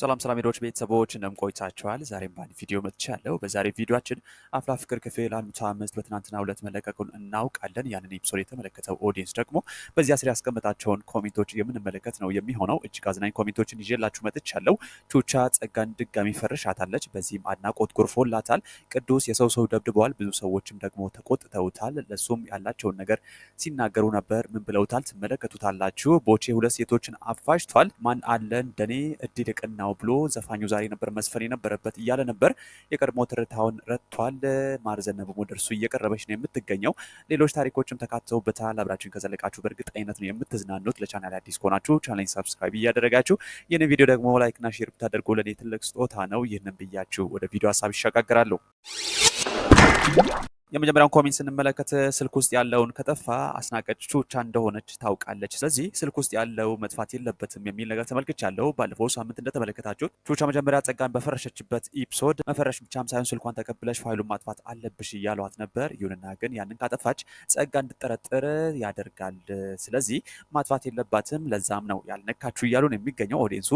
ሰላም ሰላም ሄዶች ቤተሰቦች እንደምን ቆይታችኋል? ዛሬም በአንድ ቪዲዮ መጥቻለሁ። በዛሬ ቪዲዮችን አፍላ ፍቅር ክፍል አንድ መቶ አምስት በትናንትና ሁለት መለቀቁን እናውቃለን። ያንን ኤፒሶድ የተመለከተው ኦዲየንስ ደግሞ በዚያ ስር ያስቀመጣቸውን ኮሜንቶች የምንመለከት ነው የሚሆነው። እጅግ አዝናኝ ኮሜንቶችን ይዤላችሁ መጥቻለሁ። ቹቻ ጸጋን ድጋሚ ፈርሻታለች። በዚህም አድናቆት ጎርፎላታል። ቅዱስ የሰው ሰው ደብድበዋል። ብዙ ሰዎችም ደግሞ ተቆጥተውታል። ለሱም ያላቸውን ነገር ሲናገሩ ነበር። ምን ብለውታል? ትመለከቱታላችሁ። ቦቼ ሁለት ሴቶችን አፋጅቷል። ማን አለን ደኔ እድል ቅናው ነው ብሎ ዘፋኙ ዛሬ ነበር መዝፈን የነበረበት እያለ ነበር። የቀድሞ ትርታውን ማር ዘነበ ወደ እርሱ እየቀረበች ነው የምትገኘው። ሌሎች ታሪኮችም ተካተውበታል። አብራችን ከዘለቃችሁ በእርግጠኝነት ነው የምትዝናኑት። ለቻናል አዲስ ከሆናችሁ ቻናል ሰብስክራይብ እያደረጋችሁ ይህን ቪዲዮ ደግሞ ላይክና ሼር ብታደርጉ ለእኔ ትልቅ ስጦታ ነው። ይህንን ብያችሁ ወደ ቪዲዮ ሀሳብ ይሸጋግራለሁ። የመጀመሪያውን ኮሚን ስንመለከት ስልክ ውስጥ ያለውን ከጠፋ አስናቀጭ ቹቻ እንደሆነች ታውቃለች። ስለዚህ ስልክ ውስጥ ያለው መጥፋት የለበትም የሚል ነገር ተመልክቻለሁ። ባለፈው ሳምንት እንደተመለከታችሁት ቹቻ መጀመሪያ ጸጋን በፈረሸችበት ኢፕሶድ መፈረሽ ብቻም ሳይሆን ስልኳን ተቀብለሽ ፋይሉን ማጥፋት አለብሽ እያሏት ነበር። ይሁንና ግን ያንን ካጠፋች ጸጋ እንድጠረጥር ያደርጋል። ስለዚህ ማጥፋት የለባትም ለዛም ነው ያልነካችሁ እያሉ ነው የሚገኘው። ኦዲንሱ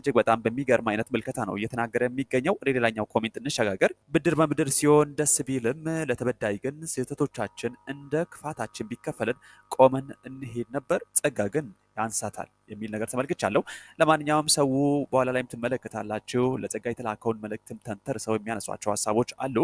እጅግ በጣም በሚገርም አይነት ምልከታ ነው እየተናገረ የሚገኘው። ወደ ሌላኛው ኮሚን እንሸጋገር። ብድር በምድር ሲሆን ደስ ቢልም ለተበ ግን ስህተቶቻችን እንደ ክፋታችን ቢከፈልን ቆመን እንሄድ ነበር። ጸጋ ግን ያንሳታል የሚል ነገር ተመልክቻለሁ። ለማንኛውም ሰው በኋላ ላይም ትመለከታላችሁ። ለጸጋ የተላከውን መልእክትም ሰው የሚያነሷቸው ሀሳቦች አሉ።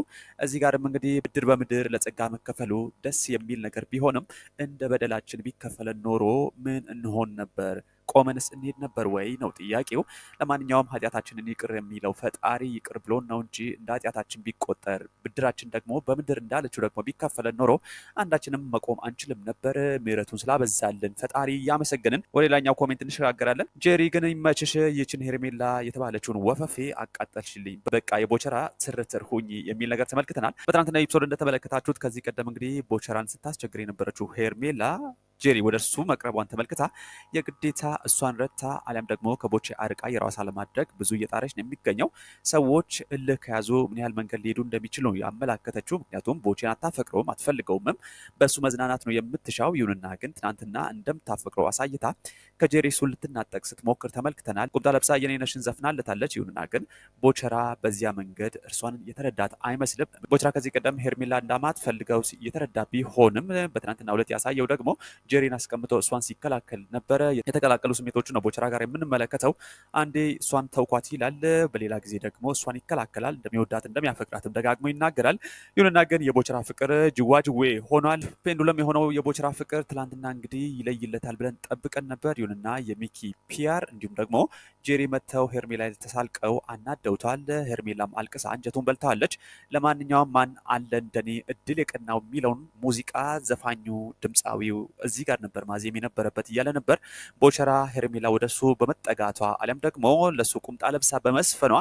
እዚህ ጋርም እንግዲህ ብድር በምድር ለጸጋ መከፈሉ ደስ የሚል ነገር ቢሆንም እንደ በደላችን ቢከፈለን ኖሮ ምን እንሆን ነበር? ቆመንስ እንሄድ ነበር ወይ ነው ጥያቄው። ለማንኛውም ኃጢአታችንን ይቅር የሚለው ፈጣሪ ይቅር ብሎን ነው እንጂ እንደ ኃጢአታችን ቢቆጠር ብድራችን ደግሞ በምድር እንዳለችው ደግሞ ቢከፈለን ኖሮ አንዳችንም መቆም አንችልም ነበር። ምሕረቱን ስላበዛልን ፈጣሪ እያመሰገንን እንሄዳለን። ወደ ሌላኛው ኮሜንት እንሸጋገራለን። ጄሪ ግን ይመችሽ፣ ይችን ሄርሜላ የተባለችውን ወፈፌ አቃጠልሽልኝ፣ በቃ የቦቸራ ስርትር ሁኝ የሚል ነገር ተመልክተናል። በትናንትና ኤፒሶድ እንደተመለከታችሁት ከዚህ ቀደም እንግዲህ ቦቸራን ስታስቸግር የነበረችው ሄርሜላ ጄሪ ወደ እሱ መቅረቧን ተመልክታ የግዴታ እሷን ረታ አሊያም ደግሞ ከቦቼ አርቃ የራሷ ለማድረግ ብዙ እየጣረች ነው የሚገኘው። ሰዎች እልህ ከያዙ ምን ያህል መንገድ ሊሄዱ እንደሚችል ነው ያመላከተችው። ምክንያቱም ቦቼን አታፈቅረውም፣ አትፈልገውምም በእሱ መዝናናት ነው የምትሻው። ይሁንና ግን ትናንትና እንደምታፈቅረው አሳይታ ከጄሪ እሱን ልትናጠቅ ስትሞክር ተመልክተናል። ቁምጣ ለብሳ የኔነሽን ዘፍናለታለች። ይሁንና ግን ቦቸራ በዚያ መንገድ እርሷን የተረዳት አይመስልም። ቦቸራ ከዚህ ቀደም ሄርሜላ እንዳማት ፈልገው የተረዳ ቢሆንም በትናንትና ሁለት ያሳየው ደግሞ ጀሪን አስቀምጠው እሷን ሲከላከል ነበረ። የተቀላቀሉ ስሜቶቹ ነው ቦቸራ ጋር የምንመለከተው። አንዴ እሷን ተውኳት ይላል፣ በሌላ ጊዜ ደግሞ እሷን ይከላከላል። እንደሚወዳት እንደሚያፈቅራትም ደጋግሞ ይናገራል። ይሁንና ግን የቦቸራ ፍቅር ጅዋጅዌ ሆኗል። ፔንዱለም የሆነው የቦቸራ ፍቅር ትላንትና እንግዲህ ይለይለታል ብለን ጠብቀን ነበር። ይሁንና የሚኪ ፒያር እንዲሁም ደግሞ ጄሪ መጥተው ሄርሜላ ተሳልቀው አናደውታል። ሄርሜላም አልቅሳ አንጀቱን በልታዋለች። ለማንኛውም ማን አለ እንደኔ እድል የቀናው የሚለውን ሙዚቃ ዘፋኙ ድምፃዊው እዚህ እዚህ ጋር ነበር ማዜም የነበረበት እያለ ነበር። ቦቸራ ሄርሜላ ወደሱ በመጠጋቷ አሊያም ደግሞ ለሱ ቁምጣ ለብሳ በመስፈኗ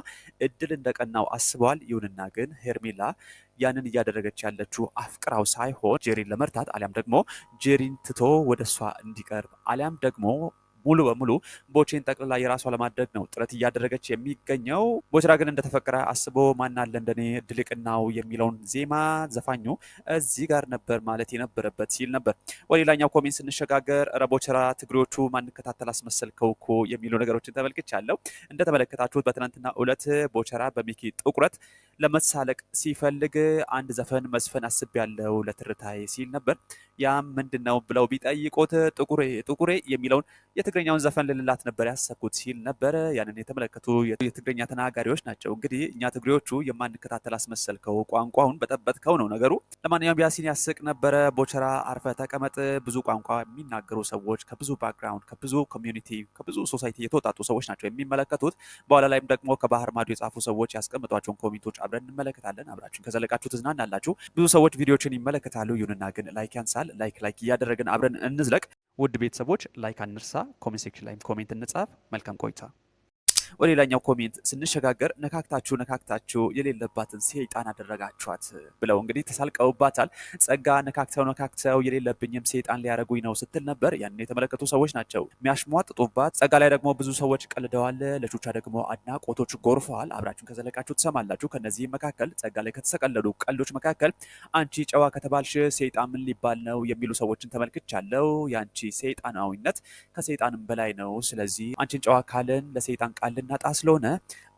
እድል እንደቀናው አስበዋል። ይሁንና ግን ሄርሜላ ያንን እያደረገች ያለችው አፍቅራው ሳይሆን ጄሪን ለመርታት አሊያም ደግሞ ጄሪን ትቶ ወደ እሷ እንዲቀርብ አሊያም ደግሞ ሙሉ በሙሉ ቦቼን ጠቅልላ የራሷ ለማድረግ ነው ጥረት እያደረገች የሚገኘው። ቦችራ ግን እንደተፈቀረ አስቦ ማናለ እንደኔ ድልቅናው የሚለውን ዜማ ዘፋኙ እዚህ ጋር ነበር ማለት የነበረበት ሲል ነበር። ወደ ሌላኛው ኮሜንት ስንሸጋገር ረቦችራ ትግሬዎቹ ማንከታተል አስመሰልከው እኮ የሚሉ ነገሮችን ተመልክቻለሁ። እንደተመለከታችሁት በትናንትና እለት ቦቸራ በሚኪ ጥቁረት ለመሳለቅ ሲፈልግ አንድ ዘፈን መስፈን አስቤያለሁ ለትርታይ ሲል ነበር። ያም ምንድን ነው ብለው ቢጠይቁት ጥቁሬ ጥቁሬ የሚለውን የትግረኛውን ዘፈን ልልላት ነበር ያሰብኩት ሲል ነበረ። ያንን የተመለከቱ የትግረኛ ተናጋሪዎች ናቸው። እንግዲህ እኛ ትግሬዎቹ የማንከታተል አስመሰልከው፣ ቋንቋውን በጠበጥከው ነው ነገሩ። ለማንኛውም ያሲን ያስቅ ነበረ። ቦቸራ አርፈ ተቀመጥ፣ ብዙ ቋንቋ የሚናገሩ ሰዎች ከብዙ ባክግራውንድ፣ ከብዙ ኮሚዩኒቲ፣ ከብዙ ሶሳይቲ የተወጣጡ ሰዎች ናቸው የሚመለከቱት። በኋላ ላይም ደግሞ ከባህር ማዶ የጻፉ ሰዎች ያስቀምጧቸውን ኮሚንቶች አብረን እንመለከታለን። አብራችሁን ከዘለቃችሁ ትዝናናላችሁ። ብዙ ሰዎች ቪዲዮችን ይመለከታሉ። ይሁንና ግን ላይክ ያንሳል። ላይክ ላይክ እያደረግን አብረን እንዝለቅ። ውድ ቤተሰቦች ላይክ አንርሳ። ኮሜንት ሴክሽን ላይም ኮሜንት እንጻፍ። መልካም ቆይታ ወደ ሌላኛው ኮሜንት ስንሸጋገር ነካክታችሁ ነካክታችሁ የሌለባትን ሴጣን አደረጋችኋት ብለው እንግዲህ ተሳልቀውባታል። ጸጋ ነካክተው ነካክተው የሌለብኝም ሴጣን ሊያደርጉኝ ነው ስትል ነበር። ያንን የተመለከቱ ሰዎች ናቸው የሚያሽሟጥጡባት። ጸጋ ላይ ደግሞ ብዙ ሰዎች ቀልደዋል። ለቹቻ ደግሞ አድናቆቶች ጎርፈዋል። አብራችሁን ከዘለቃችሁ ትሰማላችሁ። ከነዚህም መካከል ጸጋ ላይ ከተሰቀለሉ ቀልዶች መካከል አንቺ ጨዋ ከተባልሽ ሴጣን ምን ሊባል ነው የሚሉ ሰዎችን ተመልክቻለሁ። የአንቺ ሴጣናዊነት ከሴጣንም በላይ ነው። ስለዚህ አንቺን ጨዋ ካልን ለሴጣን ቃል የምናጣ ስለሆነ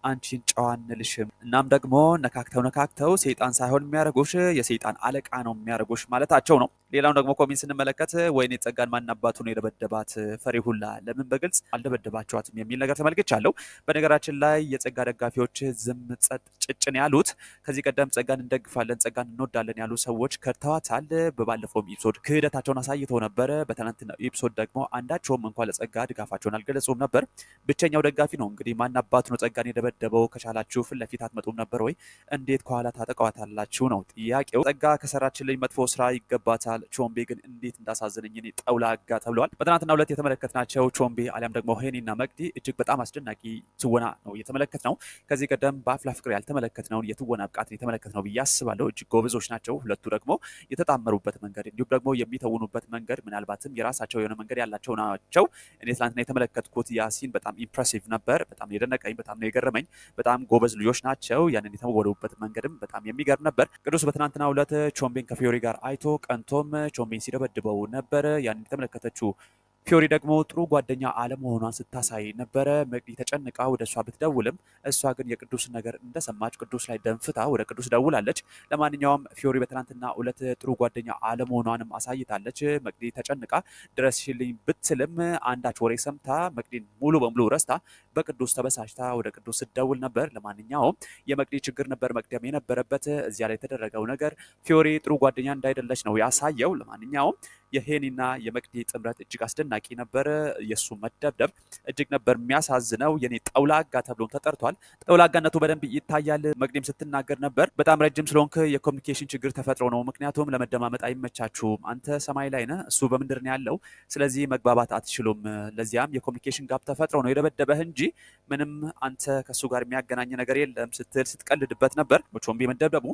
አንቺን ጨዋ እንልሽም። እናም ደግሞ ነካክተው ነካክተው ሰይጣን ሳይሆን የሚያደርጉሽ የሰይጣን አለቃ ነው የሚያደርጉሽ ማለታቸው ነው። ሌላውን ደግሞ ኮሜንት ስንመለከት ወይኔ ጸጋን ማናባቱ ነው የደበደባት ፈሪሁላ ሁላ ለምን በግልጽ አልደበደባቸዋትም የሚል ነገር ተመልክቻለሁ። በነገራችን ላይ የጸጋ ደጋፊዎች ዝም ጸጥ ጭጭን ያሉት ከዚህ ቀደም ጸጋን እንደግፋለን፣ ጸጋን እንወዳለን ያሉ ሰዎች ከድተዋታል። በባለፈውም ኤፒሶድ ክህደታቸውን አሳይተው ነበረ። በትናንትናው ኤፒሶድ ደግሞ አንዳቸውም እንኳን ለጸጋ ድጋፋቸውን አልገለጹም ነበር። ብቸኛው ደጋፊ ነው እንግዲህ ማናባቱ ነው ጸጋን የደበ ደበደበው ከቻላችሁ ፊት ለፊት አትመጡም ነበር ወይ? እንዴት ከኋላ ታጠቀዋታላችሁ ነው ጥያቄው። ጸጋ ከሰራችልኝ መጥፎ ስራ ይገባታል። ቾምቤ ግን እንዴት እንዳሳዘነኝ እኔ ጠውላ አጋ ተብለዋል። በትናንትና ሁለት የተመለከትናቸው ቾምቤ አሊያም ደግሞ ሄኒና መቅዲ እጅግ በጣም አስደናቂ ትወና ነው የተመለከት ነው። ከዚህ ቀደም በአፍላ ፍቅር ያልተመለከትነውን የትወና ብቃትን የተመለከት ነው ብዬ አስባለሁ። እጅግ ጎበዞች ናቸው ሁለቱ ደግሞ የተጣመሩበት መንገድ እንዲሁም ደግሞ የሚተውኑበት መንገድ ምናልባትም የራሳቸው የሆነ መንገድ ያላቸው ናቸው። እኔ ትናንትና የተመለከትኩት ያሲን በጣም ኢምፕሬሲቭ ነበር። በጣም የደነቀኝ በጣም ነው የገረመኝ ገረመኝ። በጣም ጎበዝ ልጆች ናቸው። ያንን የተወደቡበት መንገድም በጣም የሚገርም ነበር። ቅዱስ በትናንትና ዕለት ቾምቤን ከፊዮሪ ጋር አይቶ ቀንቶም ቾምቤን ሲደበድበው ነበር። ያንን የተመለከተችው ፊዮሪ ደግሞ ጥሩ ጓደኛ አለመሆኗን ስታሳይ ነበረ። መቅዲ ተጨንቃ ወደ እሷ ብትደውልም እሷ ግን የቅዱስን ነገር እንደሰማች ቅዱስ ላይ ደንፍታ ወደ ቅዱስ ደውላለች። ለማንኛውም ፊዮሪ በትናንትና ሁለት ጥሩ ጓደኛ አለመሆኗንም አሳይታለች። መቅዲ ተጨንቃ ድረስሽልኝ ብትልም አንዳች ወሬ ሰምታ መቅዲን ሙሉ በሙሉ ረስታ በቅዱስ ተበሳጭታ ወደ ቅዱስ ስትደውል ነበር። ለማንኛውም የመቅዲ ችግር ነበር መቅደም የነበረበት። እዚያ ላይ የተደረገው ነገር ፊዮሪ ጥሩ ጓደኛ እንዳይደለች ነው ያሳየው። ለማንኛውም የሄኒና የመቅዲ ጥምረት እጅግ አስደን አስደናቂ ነበረ። የእሱ መደብደብ እጅግ ነበር የሚያሳዝነው። የኔ ጠውላጋ ተብሎም ተጠርቷል። ጠውላጋነቱ በደንብ ይታያል። መቅደም ስትናገር ነበር በጣም ረጅም ስለሆንክ የኮሚኒኬሽን ችግር ተፈጥሮ ነው። ምክንያቱም ለመደማመጥ አይመቻችሁም። አንተ ሰማይ ላይ ነህ፣ እሱ በምድር ነው ያለው። ስለዚህ መግባባት አትችሉም። ለዚያም የኮሚኒኬሽን ጋፕ ተፈጥሮ ነው የደበደበህ እንጂ ምንም አንተ ከእሱ ጋር የሚያገናኝ ነገር የለም ስትል ስትቀልድበት ነበር። ቾምቤ መደብደቡ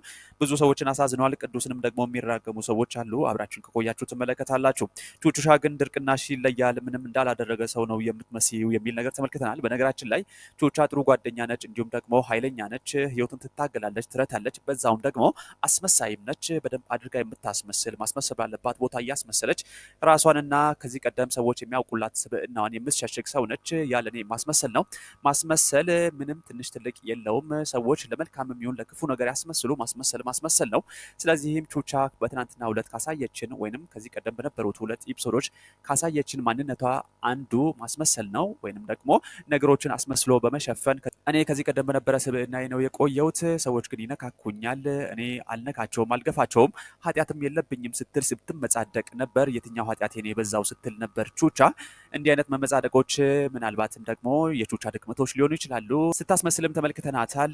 ብዙ ሰዎችን አሳዝነዋል። ቅዱስንም ደግሞ የሚራገሙ ሰዎች አሉ። አብራችን ከቆያችሁ ትመለከታላችሁ። ቹቹሻ ግን ድርቅና ሺ ይለያል፣ ምንም እንዳላደረገ ሰው ነው የምትመስዩ የሚል ነገር ተመልክተናል። በነገራችን ላይ ቹቻ ጥሩ ጓደኛ ነች፣ እንዲሁም ደግሞ ኃይለኛ ነች፣ ህይወትን ትታገላለች፣ ትረታለች፣ በዛውም ደግሞ አስመሳይም ነች። በደንብ አድርጋ የምታስመስል ማስመሰል ባለባት ቦታ እያስመሰለች ራሷንና ከዚህ ቀደም ሰዎች የሚያውቁላት ስብዕናዋን የምትሸሽግ ሰው ነች። ያለኔ ማስመሰል ነው። ማስመሰል ምንም ትንሽ ትልቅ የለውም። ሰዎች ለመልካም የሚሆን ለክፉ ነገር ያስመስሉ። ማስመሰል ማስመሰል ነው። ስለዚህም ቹቻ በትናንትና ሁለት ካሳየችን ወይንም ከዚህ ቀደም በነበሩት ሁለት ኢፕሶዶች ካሳየችን የራሳችን ማንነቷ አንዱ ማስመሰል ነው፣ ወይንም ደግሞ ነገሮችን አስመስሎ በመሸፈን እኔ ከዚህ ቀደም በነበረ ስብዕና ነው የቆየሁት፣ ሰዎች ግን ይነካኩኛል፣ እኔ አልነካቸውም፣ አልገፋቸውም፣ ኃጢአትም የለብኝም ስትል ስትመጻደቅ ነበር። የትኛው ኃጢአት ኔ የበዛው ስትል ነበር ቹቻ። እንዲህ አይነት መመጻደቆች ምናልባትም ደግሞ የቹቻ ድክመቶች ሊሆኑ ይችላሉ። ስታስመስልም ተመልክተናታል።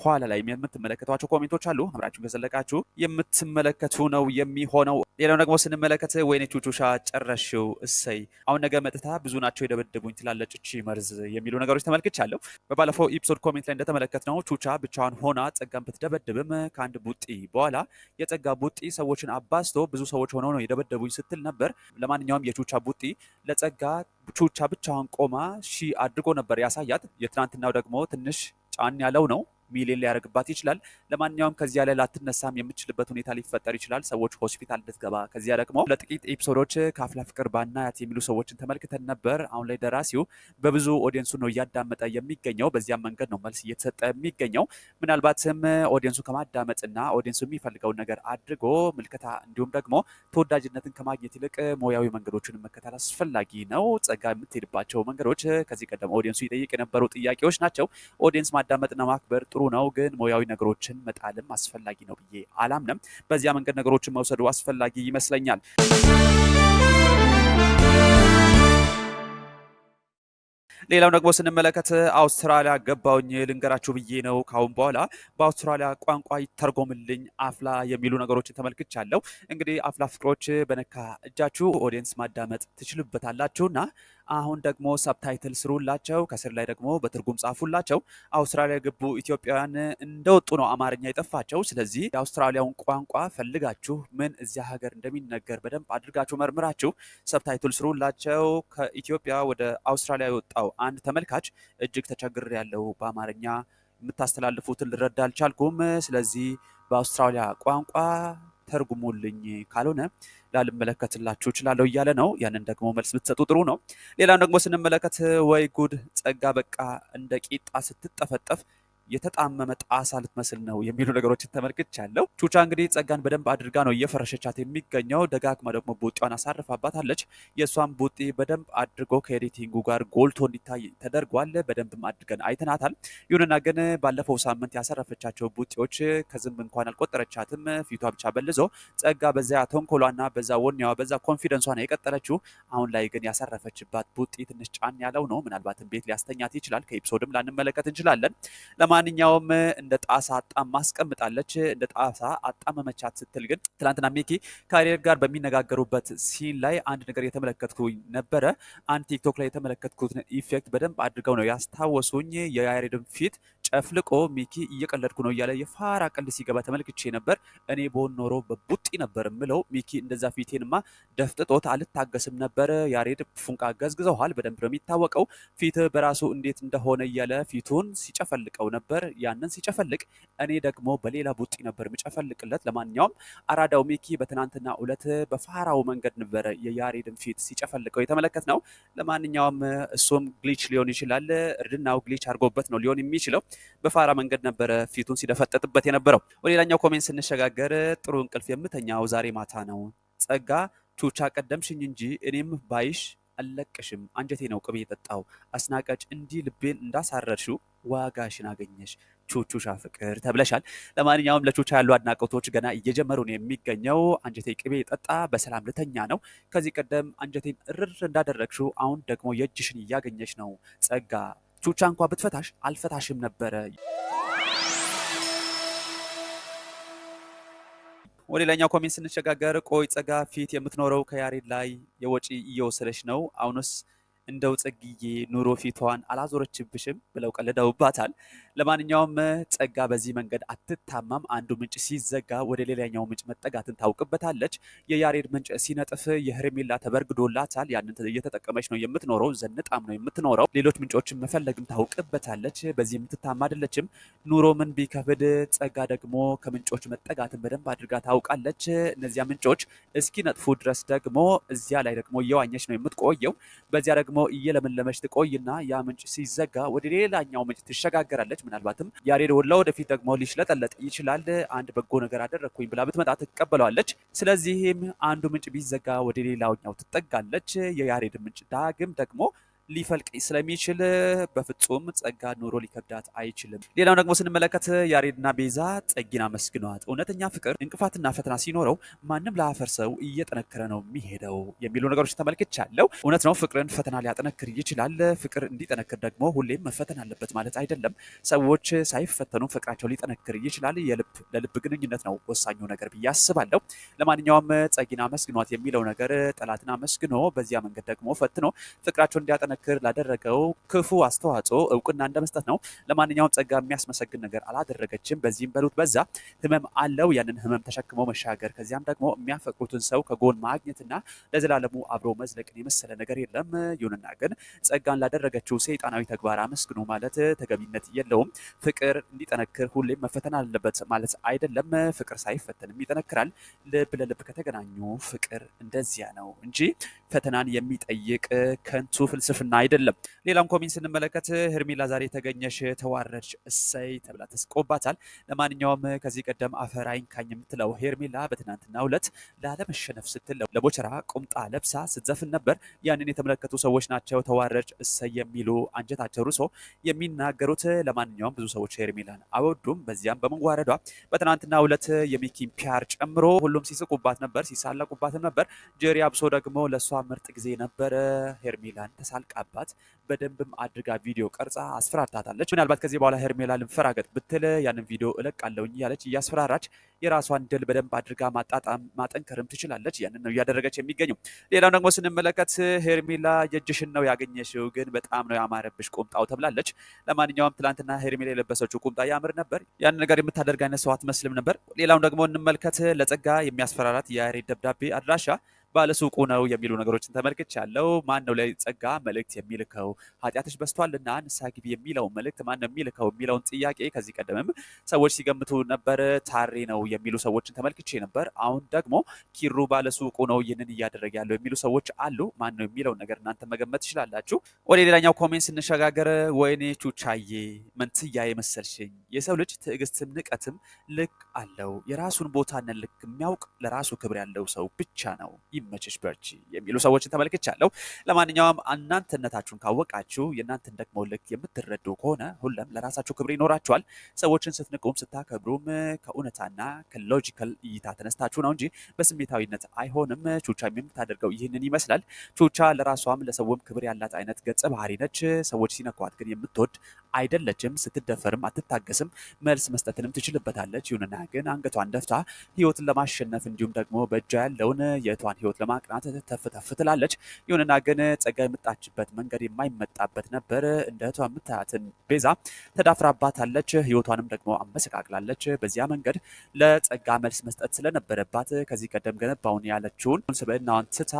ከኋላ ላይ የምትመለከቷቸው ኮሜንቶች አሉ። አብራችሁ ከዘለቃችሁ የምትመለከቱ ነው የሚሆነው። ሌላው ደግሞ ስንመለከት ወይኔ ቹቹሻ ጨረሽው እሰይ አሁን ነገ መጥታ ብዙ ናቸው የደበደቡኝ ትላለች መርዝ የሚሉ ነገሮች ተመልክቻለሁ። በባለፈው ኢፕሶድ ኮሜንት ላይ እንደተመለከትነው ቹቻ ብቻዋን ሆና ጸጋን ብትደበድብም ከአንድ ቡጢ በኋላ የጸጋ ቡጢ ሰዎችን አባስቶ ብዙ ሰዎች ሆነው ነው የደበደቡኝ ስትል ነበር። ለማንኛውም የቹቻ ቡጢ ለጸጋ ቹቻ ብቻዋን ቆማ ሺ አድርጎ ነበር ያሳያት። የትናንትናው ደግሞ ትንሽ ጫን ያለው ነው። ሚሊዮን ሊያደርግባት ይችላል። ለማንኛውም ከዚያ ላይ ላትነሳም የምትችልበት ሁኔታ ሊፈጠር ይችላል። ሰዎች ሆስፒታል እንድትገባ ከዚያ ደግሞ ለጥቂት ኤፒሶዶች ከአፍላ ፍቅር ባናያት የሚሉ ሰዎችን ተመልክተን ነበር። አሁን ላይ ደራሲው በብዙ ኦዲየንሱ ነው እያዳመጠ የሚገኘው። በዚያም መንገድ ነው መልስ እየተሰጠ የሚገኘው። ምናልባትም ኦዲየንሱ ከማዳመጥና ኦዲየንሱ የሚፈልገውን ነገር አድርጎ ምልከታ፣ እንዲሁም ደግሞ ተወዳጅነትን ከማግኘት ይልቅ ሙያዊ መንገዶችን መከተል አስፈላጊ ነው። ጸጋ የምትሄድባቸው መንገዶች ከዚህ ቀደም ኦዲየንሱ ይጠይቅ የነበሩ ጥያቄዎች ናቸው። ኦዲየንስ ማዳመጥና ማክበር ጥሩ ነው፣ ግን ሙያዊ ነገሮችን መጣልም አስፈላጊ ነው ብዬ አላምንም። በዚያ መንገድ ነገሮችን መውሰዱ አስፈላጊ ይመስለኛል። ሌላው ደግሞ ስንመለከት አውስትራሊያ ገባውኝ ልንገራችሁ ብዬ ነው። ካሁን በኋላ በአውስትራሊያ ቋንቋ ይተርጎምልኝ አፍላ የሚሉ ነገሮችን ተመልክቻለሁ። እንግዲህ አፍላ ፍቅሮች በነካ እጃችሁ ኦዲየንስ ማዳመጥ ትችሉበታላችሁና አሁን ደግሞ ሰብታይትል ስሩላቸው፣ ከስር ላይ ደግሞ በትርጉም ጻፉላቸው። አውስትራሊያ የገቡ ኢትዮጵያውያን እንደወጡ ነው አማርኛ የጠፋቸው። ስለዚህ የአውስትራሊያውን ቋንቋ ፈልጋችሁ ምን እዚያ ሀገር እንደሚነገር በደንብ አድርጋችሁ መርምራችሁ ሰብታይትል ስሩላቸው። ከኢትዮጵያ ወደ አውስትራሊያ የወጣው አንድ ተመልካች እጅግ ተቸግር ያለው በአማርኛ የምታስተላልፉትን ልረዳ አልቻልኩም። ስለዚህ በአውስትራሊያ ቋንቋ ተርጉሙልኝ ካልሆነ ላልመለከትላችሁ እችላለሁ እያለ ነው። ያንን ደግሞ መልስ ብትሰጡ ጥሩ ነው። ሌላም ደግሞ ስንመለከት ወይ ጉድ ጸጋ በቃ እንደ ቂጣ ስትጠፈጠፍ የተጣመመ ጣሳ ልትመስል ነው የሚሉ ነገሮችን ተመልክቻለሁ። ቹቻ እንግዲህ ጸጋን በደንብ አድርጋ ነው እየፈረሸቻት የሚገኘው። ደጋግማ ደግሞ ቡጤዋን አሳርፋባታለች። የእሷን ቡጤ በደንብ አድርጎ ከኤዲቲንጉ ጋር ጎልቶ እንዲታይ ተደርጓል። በደንብም አድርገን አይተናታል። ይሁንና ግን ባለፈው ሳምንት ያሰረፈቻቸው ቡጢዎች ከዝንብ እንኳን አልቆጠረቻትም። ፊቷ ብቻ በልዞ ጸጋ በዚያ ተንኮሏና በዛ ወኔዋ በዛ ኮንፊደንሷ ነው የቀጠለችው። አሁን ላይ ግን ያሰረፈችባት ቡጢ ትንሽ ጫን ያለው ነው። ምናልባትም ቤት ሊያስተኛት ይችላል። ከኤፒሶድም ላንመለከት እንችላለን። ለማንኛውም እንደ ጣሳ አጣም ማስቀምጣለች። እንደ ጣሳ አጣመመቻት ስትል ግን ትላንትና ሚኪ ከአሪር ጋር በሚነጋገሩበት ሲን ላይ አንድ ነገር የተመለከትኩኝ ነበረ። አንድ ቲክቶክ ላይ የተመለከትኩት ኢፌክት በደንብ አድርገው ነው ያስታወሱኝ የአሪርን ፊት ጨፍልቆ ሚኪ እየቀለድኩ ነው እያለ የፋራ ቀልድ ሲገባ ተመልክቼ ነበር። እኔ በሆን ኖሮ በቡጢ ነበር ምለው። ሚኪ እንደዛ ፊቴንማ ደፍጥጦት አልታገስም ነበር ያሬድ ፉንቃ ገዝግዘዋል። በደንብ ነው የሚታወቀው። ፊት በራሱ እንዴት እንደሆነ እያለ ፊቱን ሲጨፈልቀው ነበር። ያንን ሲጨፈልቅ እኔ ደግሞ በሌላ ቡጢ ነበር የምጨፈልቅለት። ለማንኛውም አራዳው ሚኪ በትናንትና ዕለት በፋራው መንገድ ነበረ የያሬድን ፊት ሲጨፈልቀው የተመለከት ነው። ለማንኛውም እሱም ግሊች ሊሆን ይችላል። እርድናው ግሊች አድርጎበት ነው ሊሆን የሚችለው። በፋራ መንገድ ነበረ ፊቱን ሲደፈጠጥበት የነበረው። ሌላኛው ኮሜንት ስንሸጋገር ጥሩ እንቅልፍ የምተኛው ዛሬ ማታ ነው። ጸጋ ቹቻ ቀደምሽኝ እንጂ እኔም ባይሽ አልለቅሽም አንጀቴ ነው ቅቤ የጠጣው። አስናቀጭ እንዲህ ልቤን እንዳሳረርሽው ዋጋሽን አገኘሽ ቹቹሻ ፍቅር ተብለሻል። ለማንኛውም ለቹቻ ያሉ አድናቆቶች ገና እየጀመሩ ነው የሚገኘው። አንጀቴ ቅቤ የጠጣ በሰላም ልተኛ ነው። ከዚህ ቀደም አንጀቴን እርር እንዳደረግሽው አሁን ደግሞ የእጅሽን እያገኘሽ ነው ጸጋ ቹቻ እንኳ ብትፈታሽ አልፈታሽም ነበረ። ወደ ሌላኛው ኮሜንት ስንሸጋገር ቆይ ጸጋ ፊት የምትኖረው ከያሬድ ላይ የወጪ እየወሰደች ነው አሁንስ እንደው ጽግዬ ኑሮ ፊቷን አላዞረችብሽም ብለው ቀልደውባታል። ለማንኛውም ጸጋ በዚህ መንገድ አትታማም። አንዱ ምንጭ ሲዘጋ ወደ ሌላኛው ምንጭ መጠጋትን ታውቅበታለች። የያሬድ ምንጭ ሲነጥፍ የህርሜላ ተበርግዶላታል። ያንን እየተጠቀመች ነው የምትኖረው፣ ዘንጣም ነው የምትኖረው። ሌሎች ምንጮችን መፈለግም ታውቅበታለች። በዚህ የምትታማ አይደለችም። ኑሮ ምን ቢከብድ፣ ጸጋ ደግሞ ከምንጮች መጠጋትን በደንብ አድርጋ ታውቃለች። እነዚያ ምንጮች እስኪነጥፉ ድረስ ደግሞ እዚያ ላይ ደግሞ እየዋኘች ነው የምትቆየው። በዚያ ደግሞ ደግሞ እየለመለመች ትቆይና ያ ምንጭ ሲዘጋ ወደ ሌላኛው ምንጭ ትሸጋገራለች። ምናልባትም ያሬድ ወላ ወደፊት ደግሞ ሊሽለጠለጥ ይችላል። አንድ በጎ ነገር አደረግኩኝ ብላ ብትመጣ ትቀበለዋለች። ስለዚህም አንዱ ምንጭ ቢዘጋ ወደ ሌላኛው ትጠጋለች። የያሬድ ምንጭ ዳግም ደግሞ ሊፈልቅ ስለሚችል በፍጹም ጸጋ ኑሮ ሊከብዳት አይችልም። ሌላው ደግሞ ስንመለከት ያሬድና ቤዛ ጸጊን አመስግነዋት እውነተኛ ፍቅር እንቅፋትና ፈተና ሲኖረው ማንም ለአፈር ሰው እየጠነከረ ነው የሚሄደው የሚሉ ነገሮች ተመልክቻለሁ። እውነት ነው፣ ፍቅርን ፈተና ሊያጠነክር ይችላል። ፍቅር እንዲጠነክር ደግሞ ሁሌም መፈተን አለበት ማለት አይደለም። ሰዎች ሳይፈተኑ ፍቅራቸው ሊጠነክር ይችላል። የልብ ለልብ ግንኙነት ነው ወሳኙ ነገር ብዬ አስባለሁ። ለማንኛውም ጸጊን አመስግኗት የሚለው ነገር ጠላትን አመስግኖ በዚያ መንገድ ደግሞ ፈትኖ ፍቅራቸው እንዲያጠነ እንድንመሰክር ላደረገው ክፉ አስተዋጽኦ እውቅና እንደመስጠት ነው። ለማንኛውም ጸጋ የሚያስመሰግን ነገር አላደረገችም። በዚህም በሉት በዛ ህመም አለው። ያንን ህመም ተሸክሞ መሻገር ከዚያም ደግሞ የሚያፈቅሩትን ሰው ከጎን ማግኘትና ለዘላለሙ አብሮ መዝለቅን የመሰለ ነገር የለም። ይሁንና ግን ጸጋን ላደረገችው ሰይጣናዊ ተግባር አመስግኖ ማለት ተገቢነት የለውም። ፍቅር እንዲጠነክር ሁሌም መፈተን አለበት ማለት አይደለም። ፍቅር ሳይፈተንም ይጠነክራል። ልብ ለልብ ከተገናኙ ፍቅር እንደዚያ ነው እንጂ ፈተናን የሚጠይቅ ከንቱ ፍልስፍና አይደለም። ሌላም ኮሚን ስንመለከት ሄርሜላ ዛሬ የተገኘሽ ተዋረድሽ፣ እሰይ ተብላ ተስቆባታል። ለማንኛውም ከዚህ ቀደም አፈር አይንካኝ የምትለው ሄርሜላ በትናንትና ዕለት ላለመሸነፍ ስትል ለቦቸራ ቁምጣ ለብሳ ስትዘፍን ነበር። ያንን የተመለከቱ ሰዎች ናቸው ተዋረድሽ፣ እሰይ የሚሉ አንጀታቸው ርሶ የሚናገሩት። ለማንኛውም ብዙ ሰዎች ሄርሜላን አወዱም። በዚያም በመዋረዷ በትናንትና ዕለት የሚኪን ፒያር ጨምሮ ሁሉም ሲስቁባት ነበር፣ ሲሳለቁባትም ነበር። ጄሪ አብሶ ደግሞ ለእሷ ምርጥ ጊዜ ነበረ። ሄርሜላን ተሳልቃባት በደንብም አድርጋ ቪዲዮ ቀርጻ አስፈራርታታለች። ምናልባት ከዚህ በኋላ ሄርሜላ ልንፈራገጥ ብትል ያንን ቪዲዮ እለቃለሁኝ እያለች እያስፈራራች የራሷን ድል በደንብ አድርጋ ማጣጣም ማጠንከርም ትችላለች። ያንን ነው እያደረገች የሚገኘው። ሌላው ደግሞ ስንመለከት ሄርሜላ የእጅሽን ነው ያገኘሽው፣ ግን በጣም ነው ያማረብሽ ቁምጣው ተብላለች። ለማንኛውም ትናንትና ሄርሜላ የለበሰችው ቁምጣ ያምር ነበር። ያንን ነገር የምታደርግ አይነት ሰው አትመስልም ነበር። ሌላውን ደግሞ እንመልከት። ለጸጋ የሚያስፈራራት የያሬድ ደብዳቤ አድራሻ ባለሱቁ ነው የሚሉ ነገሮችን ተመልክች ያለው ማን ነው ለጸጋ መልእክት የሚልከው ኃጢአትሽ በስቷል እና ንስሐ ግቢ የሚለውን መልእክት ማን ነው የሚልከው የሚለውን ጥያቄ ከዚህ ቀደምም ሰዎች ሲገምቱ ነበር። ታሬ ነው የሚሉ ሰዎችን ተመልክቼ ነበር። አሁን ደግሞ ኪሩ ባለሱቁ ነው ይህንን እያደረገ ያለው የሚሉ ሰዎች አሉ። ማን ነው የሚለውን ነገር እናንተ መገመት ትችላላችሁ። ወደ ሌላኛው ኮሜንት ስንሸጋገር፣ ወይኔ ቹቻዬ መንትያ የመሰልሽኝ። የሰው ልጅ ትዕግስትም ንቀትም ልክ አለው። የራሱን ቦታና ልክ የሚያውቅ ለራሱ ክብር ያለው ሰው ብቻ ነው። ይመችሽ፣ በርቺ የሚሉ ሰዎችን ተመልክቻለሁ። ለማንኛውም እናንተነታችሁን ካወቃችሁ የእናንተን ደግሞ ልክ የምትረዱ ከሆነ ሁለም ለራሳችሁ ክብር ይኖራችኋል። ሰዎችን ስትንቁም ስታከብሩም ከእውነታና ከሎጂካል እይታ ተነስታችሁ ነው እንጂ በስሜታዊነት አይሆንም። ቹቻ የምታደርገው ይህንን ይመስላል። ቹቻ ለራሷም ለሰውም ክብር ያላት አይነት ገጸ ባህሪ ነች። ሰዎች ሲነኳት ግን የምትወድ አይደለችም። ስትደፈርም አትታገስም። መልስ መስጠትንም ትችልበታለች። ይሁንና ግን አንገቷን ደፍታ ህይወትን ለማሸነፍ እንዲሁም ደግሞ በእጇ ያለውን የእህቷን ህይወት ለማቅናት ተፍተፍ ትላለች። ይሁንና ግን ጸጋ የምጣችበት መንገድ የማይመጣበት ነበር። እንደ እህቷ የምታያትን ቤዛ ተዳፍራባታለች። ህይወቷንም ደግሞ አመሰቃቅላለች። በዚያ መንገድ ለጸጋ መልስ መስጠት ስለነበረባት ከዚህ ቀደም ገነባውን ያለችውን ስብዕናዋን ትታ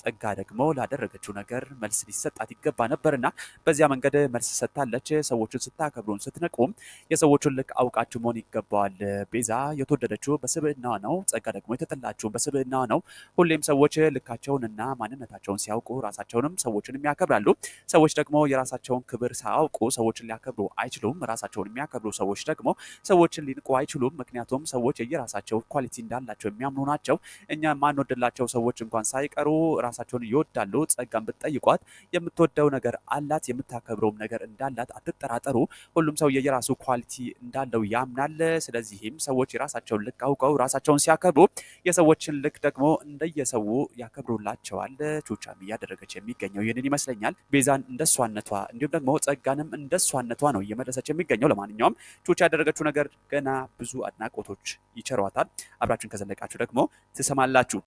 ጸጋ ደግሞ ላደረገችው ነገር መልስ ሊሰጣት ይገባ ነበርና በዚያ መንገድ መልስ ሰጥታለች። ሰዎችን ስታከብሩን ስትንቁም የሰዎቹን ልክ አውቃችሁ መሆን ይገባዋል። ቤዛ የተወደደችው በስብዕና ነው። ጸጋ ደግሞ የተጠላችሁ በስብዕና ነው። ሁሌም ሰዎች ልካቸውንና ማንነታቸውን ሲያውቁ ራሳቸውንም ሰዎችንም ያከብራሉ። ሰዎች ደግሞ የራሳቸውን ክብር ሳያውቁ ሰዎችን ሊያከብሩ አይችሉም። ራሳቸውን የሚያከብሩ ሰዎች ደግሞ ሰዎችን ሊንቁ አይችሉም። ምክንያቱም ሰዎች የየራሳቸው ኳሊቲ እንዳላቸው የሚያምኑ ናቸው። እኛ የማንወድላቸው ሰዎች እንኳን ሳይቀሩ ራሳቸውን ይወዳሉ። ጸጋን ብትጠይቋት የምትወደው ነገር አላት፣ የምታከብረውም ነገር እንዳላት አትጠ መጠራጠሩ ሁሉም ሰው የየራሱ ኳሊቲ እንዳለው ያምናል። ስለዚህም ሰዎች የራሳቸውን ልክ አውቀው ራሳቸውን ሲያከብሩ የሰዎችን ልክ ደግሞ እንደየሰው ያከብሩላቸዋል። ቹቻም እያደረገች የሚገኘው ይህንን ይመስለኛል። ቤዛን እንደሷነቷ እንዲሁም ደግሞ ጸጋንም እንደሷነቷ ነው እየመለሰች የሚገኘው። ለማንኛውም ቹቻ ያደረገችው ነገር ገና ብዙ አድናቆቶች ይቸሯታል። አብራችን ከዘለቃችሁ ደግሞ ትሰማላችሁ።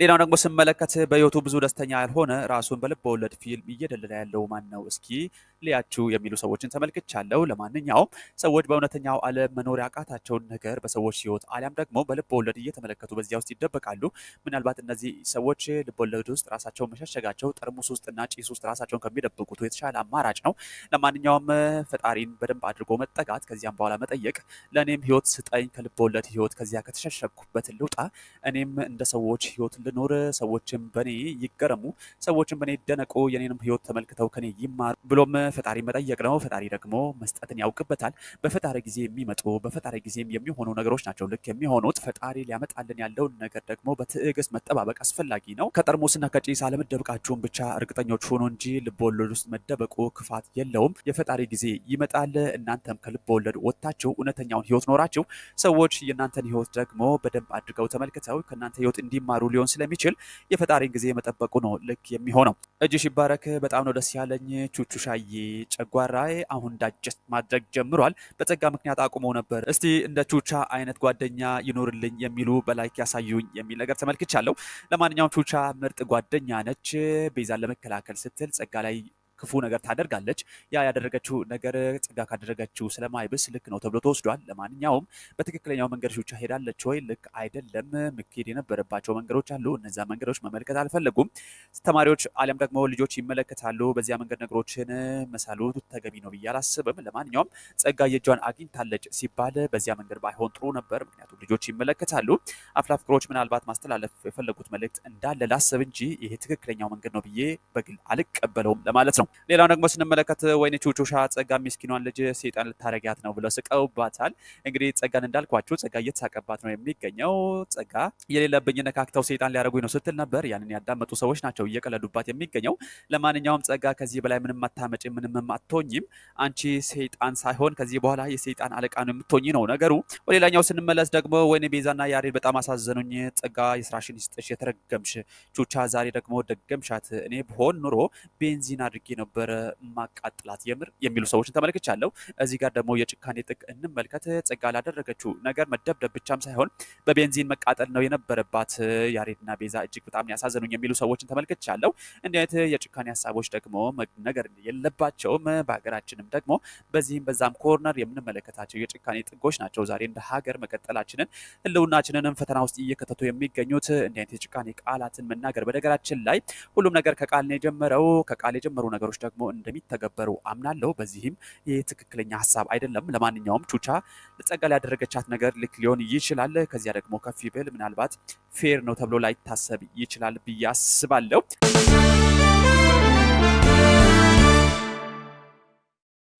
ሌላው ደግሞ ስመለከት በህይወቱ ብዙ ደስተኛ ያልሆነ ራሱን በልብ ወለድ ፊልም እየደለለ ያለው ማን ነው እስኪ ሊያችሁ የሚሉ ሰዎችን ተመልክቻለሁ። ለማንኛውም ሰዎች በእውነተኛው ዓለም መኖር ያቃታቸውን ነገር በሰዎች ህይወት አሊያም ደግሞ በልብ ወለድ እየተመለከቱ በዚያ ውስጥ ይደበቃሉ። ምናልባት እነዚህ ሰዎች ልብ ወለድ ውስጥ ራሳቸውን መሸሸጋቸው ጠርሙስ ውስጥና ጭስ ውስጥ ራሳቸውን ከሚደብቁት የተሻለ አማራጭ ነው። ለማንኛውም ፈጣሪን በደንብ አድርጎ መጠጋት፣ ከዚያም በኋላ መጠየቅ፣ ለእኔም ህይወት ስጠኝ፣ ከልብ ወለድ ህይወት ከዚያ ከተሸሸግኩበት ልውጣ፣ እኔም እንደ ሰዎች ህይወት ልኖር፣ ሰዎችም በኔ ይገረሙ፣ ሰዎችም በኔ ይደነቁ፣ የኔንም ህይወት ተመልክተው ከኔ ይማሩ ብሎም ፈጣሪ መጠየቅ ነው። ፈጣሪ ደግሞ መስጠትን ያውቅበታል። በፈጣሪ ጊዜ የሚመጡ በፈጣሪ ጊዜም የሚሆኑ ነገሮች ናቸው ልክ የሚሆኑት። ፈጣሪ ሊያመጣልን ያለውን ነገር ደግሞ በትዕግስት መጠባበቅ አስፈላጊ ነው። ከጠርሙስና ከጭስ አለመደብቃችሁን ብቻ እርግጠኞች ሆኖ እንጂ ልቦወለድ ውስጥ መደበቁ ክፋት የለውም። የፈጣሪ ጊዜ ይመጣል። እናንተም ከልቦወለድ ወጥታችሁ እውነተኛውን ህይወት ኖራችሁ ሰዎች የእናንተን ህይወት ደግሞ በደንብ አድርገው ተመልክተው ከእናንተ የእናንተ ህይወት እንዲማሩ ሊሆን ስለሚችል የፈጣሪን ጊዜ መጠበቁ ነው ልክ የሚሆነው። እጅሽ ይባረክ። በጣም ነው ደስ ያለኝ። ቹቹ ሻዬ ጨጓራዬ አሁን ዳጀስት ማድረግ ጀምሯል። በጸጋ ምክንያት አቁሞ ነበር። እስቲ እንደ ቹቻ አይነት ጓደኛ ይኖርልኝ የሚሉ በላይክ ያሳዩኝ የሚል ነገር ተመልክቻለሁ። ለማንኛውም ቹቻ ምርጥ ጓደኛ ነች። ቤዛን ለመከላከል ስትል ጸጋ ላይ ክፉ ነገር ታደርጋለች። ያ ያደረገችው ነገር ጸጋ ካደረገችው ስለማይብስ ልክ ነው ተብሎ ተወስዷል። ለማንኛውም በትክክለኛው መንገዶች ብቻ ሄዳለች ወይ? ልክ አይደለም። ምክሄድ የነበረባቸው መንገዶች አሉ። እነዚያ መንገዶች መመልከት አልፈለጉም ተማሪዎች፣ አሊያም ደግሞ ልጆች ይመለከታሉ። በዚያ መንገድ ነገሮችን መሳሉ ተገቢ ነው ብዬ አላስብም። ለማንኛውም ጸጋ የእጇን አግኝታለች ሲባል በዚያ መንገድ ባይሆን ጥሩ ነበር። ምክንያቱም ልጆች ይመለከታሉ። አፍላ ፍቅሮች ምናልባት ማስተላለፍ የፈለጉት መልእክት እንዳለ ላስብ እንጂ ይሄ ትክክለኛው መንገድ ነው ብዬ በግል አልቀበለውም ለማለት ነው። ሌላው ደግሞ ስንመለከት ወይኔ ቹቹሻ ጸጋ ሚስኪኗን ልጅ ሴጣን ልታረጊያት ነው ብለው ስቀውባታል። እንግዲህ ጸጋን እንዳልኳችሁ ጸጋ እየተሳቀባት ነው የሚገኘው። ጸጋ የሌለብኝ ነካክተው ሴጣን ሊያደርጉኝ ነው ስትል ነበር። ያንን ያዳመጡ ሰዎች ናቸው እየቀለዱባት የሚገኘው። ለማንኛውም ጸጋ ከዚህ በላይ ምንም አታመጪ፣ ምንም አትሆኝም። አንቺ ሴጣን ሳይሆን ከዚህ በኋላ የሴጣን አለቃ ነው የምትሆኝ ነው ነገሩ። ወሌላኛው ስንመለስ ደግሞ ወይኔ ቤዛና ያሬድ በጣም አሳዘኑኝ። ጸጋ የስራሽን ይስጥሽ የተረገምሽ ቹቻ ዛሬ ደግሞ ደገምሻት። እኔ ብሆን ኑሮ ቤንዚን አድርጌ የነበረ ማቃጥላት የምር የሚሉ ሰዎችን ተመልክቻለሁ። እዚህ ጋር ደግሞ የጭካኔ ጥግ እንመልከት። ጸጋ ላደረገችው ነገር መደብደብ ብቻም ሳይሆን በቤንዚን መቃጠል ነው የነበረባት። ያሬድና ቤዛ እጅግ በጣም ያሳዘኑኝ የሚሉ ሰዎችን ተመልክቻለሁ። እንዲህ አይነት የጭካኔ ሀሳቦች ደግሞ ነገር የለባቸውም። በሀገራችንም ደግሞ በዚህም በዛም ኮርነር የምንመለከታቸው የጭካኔ ጥጎች ናቸው ዛሬ እንደ ሀገር መቀጠላችንን ህልውናችንንም ፈተና ውስጥ እየከተቱ የሚገኙት እንዲህ አይነት የጭካኔ ቃላትን መናገር። በነገራችን ላይ ሁሉም ነገር ከቃል ነው የጀመረው። ከቃል የጀመሩ ነገሮች ነገሮች ደግሞ እንደሚተገበሩ አምናለሁ። በዚህም ይህ ትክክለኛ ሀሳብ አይደለም። ለማንኛውም ቹቻ ጸጋ ያደረገቻት ነገር ልክ ሊሆን ይችላል። ከዚያ ደግሞ ከፍ ይብል ምናልባት ፌር ነው ተብሎ ላይታሰብ ይችላል ብዬ አስባለሁ።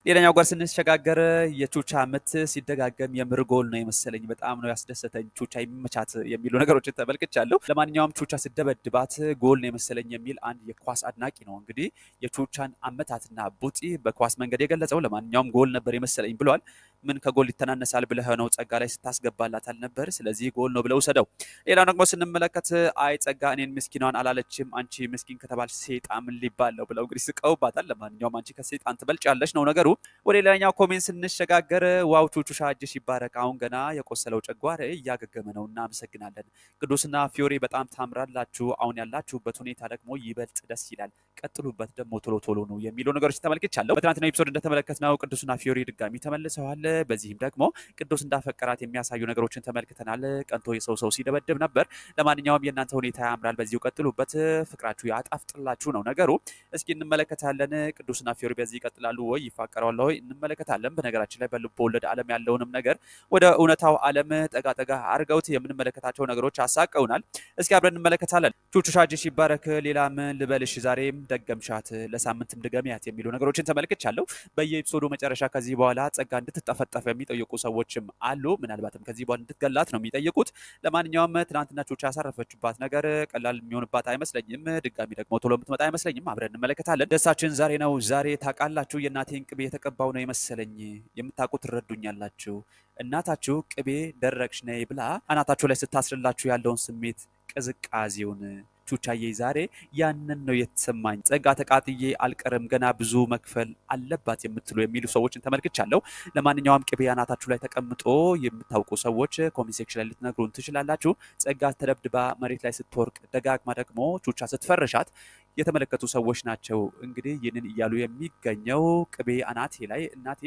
ሌላኛው ጋር ስንሸጋገር የቹቻ ምት ሲደጋገም የምር ጎል ነው የመሰለኝ። በጣም ነው ያስደሰተኝ። ቹቻ ይመቻት የሚሉ ነገሮችን ተመልክቻለሁ። ለማንኛውም ቹቻ ስደበድባት ጎል ነው የመሰለኝ የሚል አንድ የኳስ አድናቂ ነው እንግዲህ የቹቻን አመታትና ቡጢ በኳስ መንገድ የገለጸው። ለማንኛውም ጎል ነበር የመሰለኝ ብሏል። ምን ከጎል ይተናነሳል ብለህ ነው ጸጋ ላይ ስታስገባላት አልነበር? ስለዚህ ጎል ነው ብለው ሰደው። ሌላው ደግሞ ስንመለከት አይ ጸጋ እኔን ምስኪኗን አላለችም አንቺ ምስኪን ሴጣ ምን ሊባል ነው ብለው እንግዲህ ስቀውባታል። ለማንኛውም አንቺ ከሴጣን ትበልጫለች ነው ነገሩ። ወደ ሌላኛው ኮሜንት ስንሸጋገር ዋው ቹቹሻ እጅሽ ይባረክ። አሁን ገና የቆሰለው ጨጓር እያገገመ ነው፣ እናመሰግናለን። ቅዱስና ፊዮሬ በጣም ታምራላችሁ። አሁን ያላችሁበት ሁኔታ ደግሞ ይበልጥ ደስ ይላል። ቀጥሉበት ደግሞ ቶሎ ቶሎ ነው የሚሉ ነገሮች ተመልክቻለሁ። በትናንትናው ኤፒሶድ እንደተመለከትነው ቅዱስና ፊዮሬ ድጋሚ ተመልሰዋል። በዚህም ደግሞ ቅዱስ እንዳፈቀራት የሚያሳዩ ነገሮችን ተመልክተናል። ቀንቶ የሰው ሰው ሲደበድብ ነበር። ለማንኛውም የእናንተ ሁኔታ ያምራል፣ በዚሁ ቀጥሉበት፣ ፍቅራችሁ ያጣፍጥላችሁ ነው ነገሩ። እስኪ እንመለከታለን። ቅዱስና ፊዮሬ በዚህ ይቀጥላሉ ወይ ይፋቀራሉ ይቀረዋል እንመለከታለን። በነገራችን ላይ በልብ ወለድ ዓለም ያለውንም ነገር ወደ እውነታው ዓለም ጠጋጠጋ አድርገውት የምንመለከታቸው ነገሮች አሳቀውናል። እስኪ አብረን እንመለከታለን። ቹቹሻጅ ሲባረክ ሌላ ምን ልበልሽ? ዛሬም ደገምሻት ለሳምንትም ድገሚያት የሚሉ ነገሮችን ተመልክቻለሁ። በየኤፒሶዱ መጨረሻ ከዚህ በኋላ ጸጋ እንድትጠፈጠፍ የሚጠይቁ ሰዎችም አሉ። ምናልባትም ከዚህ በኋላ እንድትገላት ነው የሚጠይቁት። ለማንኛውም ትናንትና ቹቹ ያሳረፈችባት ነገር ቀላል የሚሆንባት አይመስለኝም። ድጋሚ ደግሞ ቶሎ የምትመጣ አይመስለኝም። አብረን እንመለከታለን። ደስታችን ዛሬ ነው። ዛሬ ታውቃላችሁ የእናቴን ቅቤ የተቀባው ነው የመሰለኝ። የምታውቁ ትረዱኛላችሁ። እናታችሁ ቅቤ ደረቅሽ ነይ ብላ አናታችሁ ላይ ስታስርላችሁ ያለውን ስሜት ቅዝቃዜውን ቹቻዬ ዛሬ ያንን ነው የተሰማኝ። ጸጋ ተቃጥዬ አልቀርም ገና ብዙ መክፈል አለባት የምትሉ የሚሉ ሰዎችን ተመልክቻለሁ። ለማንኛውም ቅቤ አናታችሁ ላይ ተቀምጦ የምታውቁ ሰዎች ኮሜንት ሴክሽን ላይ ልትነግሩን ትችላላችሁ። ጸጋ ተደብድባ መሬት ላይ ስትወርቅ ደጋግማ ደግሞ ቹቻ ስትፈርሻት የተመለከቱ ሰዎች ናቸው። እንግዲህ ይህንን እያሉ የሚገኘው ቅቤ አናቴ ላይ እናቴ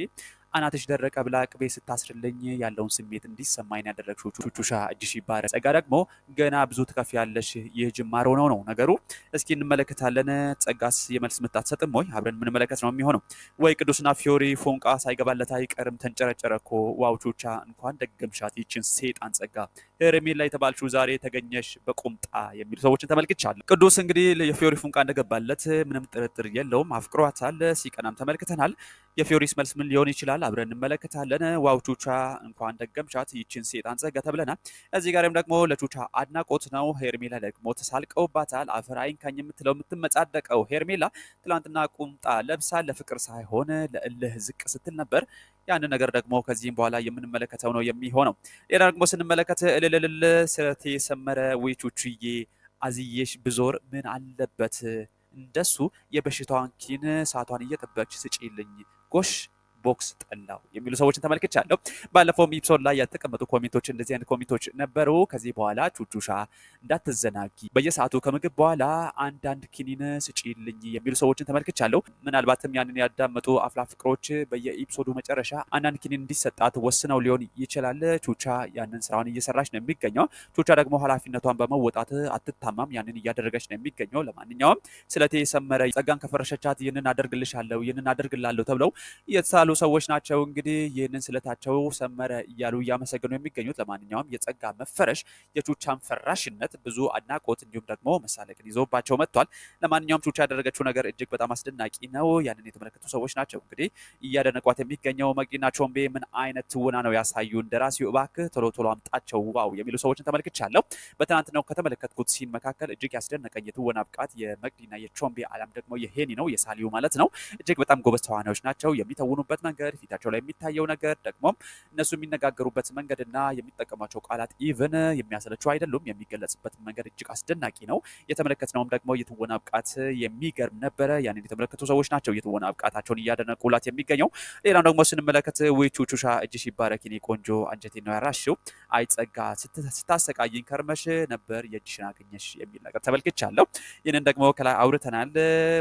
አናትሽ ደረቀ ብላ ቅቤ ስታስርልኝ ያለውን ስሜት እንዲሰማኝ ያደረግ ቹቹሻ እጅሽ ይባረ ጸጋ ደግሞ ገና ብዙ ትከፍ ያለሽ ይህ ጅማሮ ነው ነው ነገሩ። እስኪ እንመለከታለን። ጸጋስ የመልስ ምታትሰጥም ወይ? አብረን የምንመለከት ነው የሚሆነው። ወይ ቅዱስና ፊዮሪ ፎንቃ ሳይገባለት አይቀርም። ተንጨረጨረ ኮ ዋው! ቹቻ እንኳን ደገምሻት ይችን ሴጣን ጸጋ። ሄርሜላ የተባልሽው ዛሬ ተገኘሽ በቁምጣ የሚሉ ሰዎችን ተመልክቻለሁ። ቅዱስ እንግዲህ የፊዮሪ ፎንቃ እንደገባለት ምንም ጥርጥር የለውም። አፍቅሯታል። ሲቀናም ተመልክተናል። የፊዮሪስ መልስ ምን ሊሆን ይችላል? አብረን እንመለከታለን። ዋው ቹቻ እንኳን ደገምቻት ይችን ሴጣን ጸጋ ተብለናል። እዚህ ጋርም ደግሞ ለቹቻ አድናቆት ነው። ሄርሜላ ደግሞ ተሳልቀውባታል። አፈር አይንካኝ የምትለው የምትመጻደቀው ሄርሜላ ትላንትና ቁምጣ ለብሳ ለፍቅር ሳይሆን ለእልህ ዝቅ ስትል ነበር። ያን ነገር ደግሞ ከዚህም በኋላ የምንመለከተው ነው የሚሆነው። ሌላ ደግሞ ስንመለከት እልልልል ስለቴ ሰመረ ወይ ቹቹዬ አዝዬሽ ብዞር ምን አለበት እንደሱ የበሽታዋን ኪን ሰዓቷን ስጪልኝ Koş ቦክስ ጠላው የሚሉ ሰዎችን ተመልክቻለሁ። ባለፈውም ኢፕሶን ላይ ያልተቀመጡ ኮሜንቶች እንደዚህ አይነት ኮሜንቶች ነበሩ። ከዚህ በኋላ ቹቹሻ እንዳትዘናጊ፣ በየሰዓቱ ከምግብ በኋላ አንዳንድ ኪኒን ስጪልኝ የሚሉ ሰዎችን ተመልክቻለሁ። ምናልባትም ያንን ያዳመጡ አፍላ ፍቅሮች በየኢፕሶዱ መጨረሻ አንዳንድ ኪኒን እንዲሰጣት ወስነው ሊሆን ይችላል። ቹቻ ያንን ስራውን እየሰራች ነው የሚገኘው። ቹቻ ደግሞ ኃላፊነቷን በመወጣት አትታማም፣ ያንን እያደረገች ነው የሚገኘው። ለማንኛውም ስለቴ የሰመረ ጸጋን ከፈረሸቻት ይህንን አደርግልሻለሁ፣ ይህንን አደርግላለሁ ተብለው የተሳሉ ያሉ ሰዎች ናቸው። እንግዲህ ይህንን ስለታቸው ሰመረ እያሉ እያመሰገኑ የሚገኙት ለማንኛውም የጸጋ መፈረሽ የቹቻን ፈራሽነት ብዙ አድናቆት እንዲሁም ደግሞ መሳለቅን ይዞባቸው መጥቷል። ለማንኛውም ቹቻ ያደረገችው ነገር እጅግ በጣም አስደናቂ ነው። ያንን የተመለከቱ ሰዎች ናቸው እንግዲህ እያደነቋት የሚገኘው መግዲና ቾምቤ ምን አይነት ትወና ነው ያሳዩ እንደራሲው እባክህ ቶሎ ቶሎ አምጣቸው ዋው የሚሉ ሰዎችን ተመልክቻለሁ። በትናንትናው ከተመለከትኩት ሲን መካከል እጅግ ያስደነቀኝ የትወና ብቃት የመቅዲና የቾምቤ አላም ደግሞ የሄኒ ነው የሳሊዩ ማለት ነው። እጅግ በጣም ጎበዝ ተዋናዮች ናቸው የሚተውኑበት የሚያደርጉበት መንገድ፣ ፊታቸው ላይ የሚታየው ነገር ደግሞ እነሱ የሚነጋገሩበት መንገድና የሚጠቀሟቸው ቃላት ኢቨን የሚያሰለችው አይደሉም። የሚገለጽበት መንገድ እጅግ አስደናቂ ነው። የተመለከትነውም ደግሞ የትወና ብቃት የሚገርም ነበረ። ያንን የተመለከቱ ሰዎች ናቸው የትወና ብቃታቸውን እያደነቁላት የሚገኘው። ሌላም ደግሞ ስንመለከት ውቹቹሻ እጅ ሲባረክ የኔ ቆንጆ አንጀቴ ነው ያራሽው አይጸጋ ስታሰቃይኝ ከርመሽ ነበር የእጅሽን አገኘሽ የሚል ነገር ተመልክቻለሁ። ይህንን ደግሞ ከላይ አውርተናል።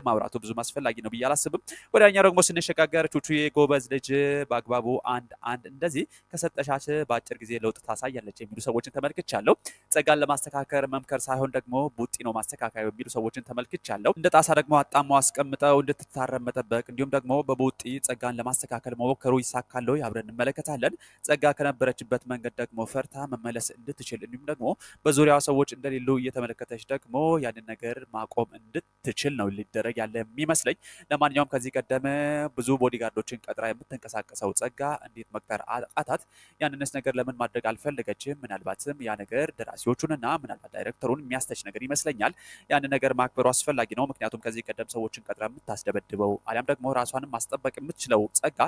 ማውራቱ ብዙ አስፈላጊ ነው ብዬ አላስብም። ወዲያኛ ደግሞ ስንሸጋገር ቹቹ ቹቹዬ ጎበዝ ልጅ በአግባቡ አንድ አንድ እንደዚህ ከሰጠሻት በአጭር ጊዜ ለውጥ ታሳያለች የሚሉ ሰዎችን ተመልክቻለሁ። ጸጋን ለማስተካከል መምከር ሳይሆን ደግሞ ቡጢ ነው ማስተካከያ የሚሉ ሰዎችን ተመልክቻለሁ። እንደ ጣሳ ደግሞ አጣሞ አስቀምጠው እንድትታረም መጠበቅ፣ እንዲሁም ደግሞ በቡጢ ጸጋን ለማስተካከል መሞከሩ ይሳካል። አብረን እንመለከታለን። ጸጋ ከነበረችበት መንገድ ደግሞ ፈርታ መመለስ እንድትችል እንዲሁም ደግሞ በዙሪያ ሰዎች እንደሌሉ እየተመለከተች ደግሞ ያንን ነገር ማቆም እንድትችል ነው ሊደረግ ያለ የሚመስለኝ። ለማንኛውም ከዚህ ቀደም ብዙ ቦዲጋርዶችን ቀ ተፈጥራ የምትንቀሳቀሰው ጸጋ እንዴት መቅጠር አቃታት? ያንንስ ነገር ለምን ማድረግ አልፈለገችም? ምናልባትም ያ ነገር ደራሲዎቹንና ምናልባት ዳይሬክተሩን የሚያስተች ነገር ይመስለኛል። ያንን ነገር ማክበሩ አስፈላጊ ነው። ምክንያቱም ከዚህ ቀደም ሰዎችን ቀጥራ የምታስደበድበው አሊያም ደግሞ ራሷንም ማስጠበቅ የምትችለው ጸጋ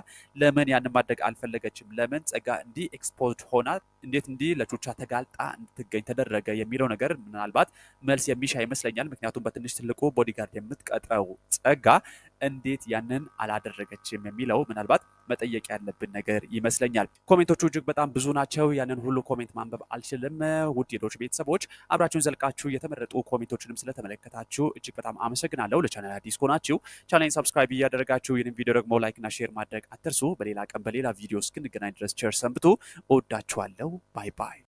ለምን ያንን ማድረግ አልፈለገችም? ለምን ጸጋ እንዲህ ኤክስፖዝድ ሆና እንዴት እንዲህ ለቾቻ ተጋልጣ እንድትገኝ ተደረገ የሚለው ነገር ምናልባት መልስ የሚሻ ይመስለኛል። ምክንያቱም በትንሽ ትልቁ ቦዲጋርድ የምትቀጥረው ጸጋ እንዴት ያንን አላደረገችም የሚለው ምናልባት መጠየቅ ያለብን ነገር ይመስለኛል። ኮሜንቶቹ እጅግ በጣም ብዙ ናቸው። ያንን ሁሉ ኮሜንት ማንበብ አልችልም። ውድ የዶች ቤተሰቦች አብራችሁን ዘልቃችሁ የተመረጡ ኮሜንቶችንም ስለተመለከታችሁ እጅግ በጣም አመሰግናለሁ። ለቻናል አዲስ ከሆናችሁ ቻናል ሰብስክራይብ እያደረጋችሁ ይህንን ቪዲዮ ደግሞ ላይክና ሼር ማድረግ አትርሱ። በሌላ ቀን በሌላ ቪዲዮ እስክንገናኝ ድረስ ቸር ሰንብቱ። እወዳችኋለሁ። bye bye.